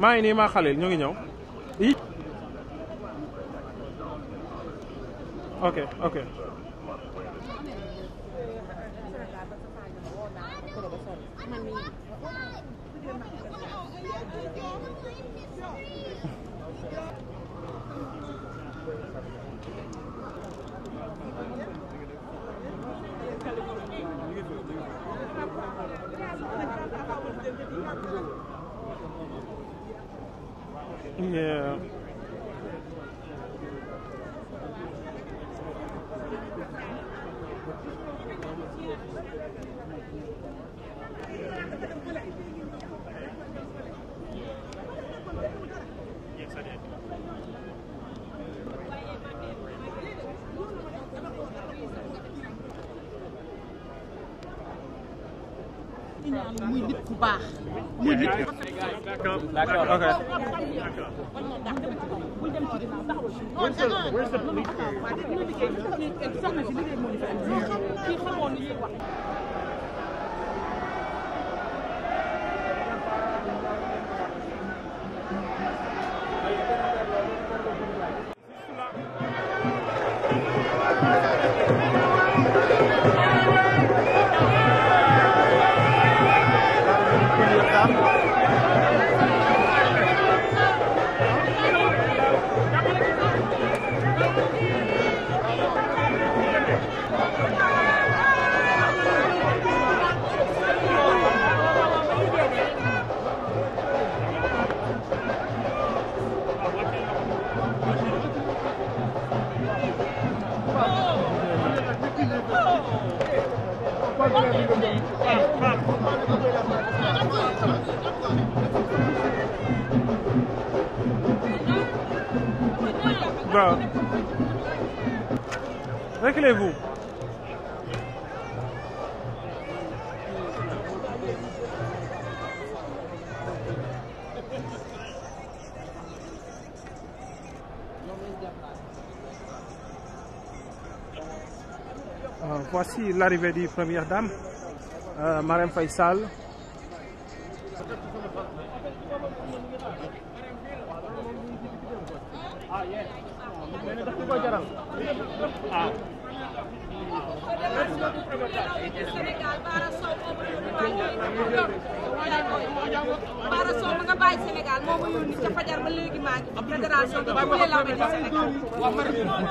maa ngi nii maa xalil ñu ngi ñëw euh... Yes, I did. muy nit ku baax muy nit ku d'accord Bah. Reculez-vous. Euh, voici l'arrivée des premières dames. Euh, Marème Faye Sall Baara ah. Sow ma nga bàyyi Sénégal moo ma yónni ca fajar ba léegi maa ngi fédération bi bu lee laa ma Sénégal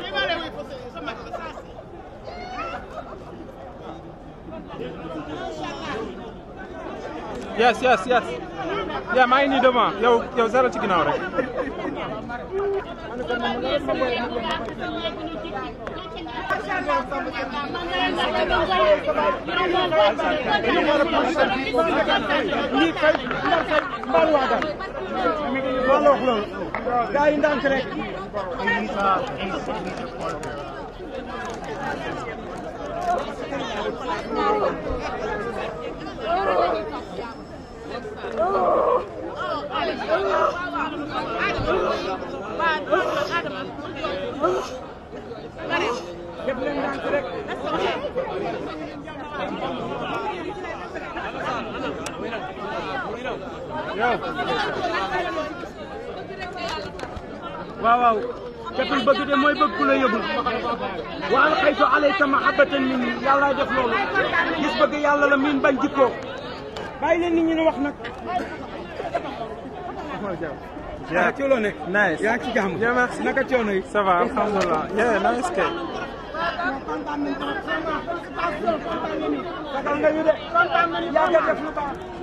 yes yes yes yaa maa ngi nii devant yow yow zéro ci ginnaaw waaw waaw capil bëgg de mooy bëgg ku la yëbul wa alxaytu alayka mahabbatan minni yàlla def loolu gis bëgg yàlla la min bañ jikkoo bàyyi leen nit ñi ñu wax nag. yaa ci loo nekk. nice yaa ci jàmm. bien merci naka coono yi. ça va alhamdulilah. yeah nice kay. kontaan nañu trop. kontaan nañu de. kontaan nañu de. yaa ngi def lu baax.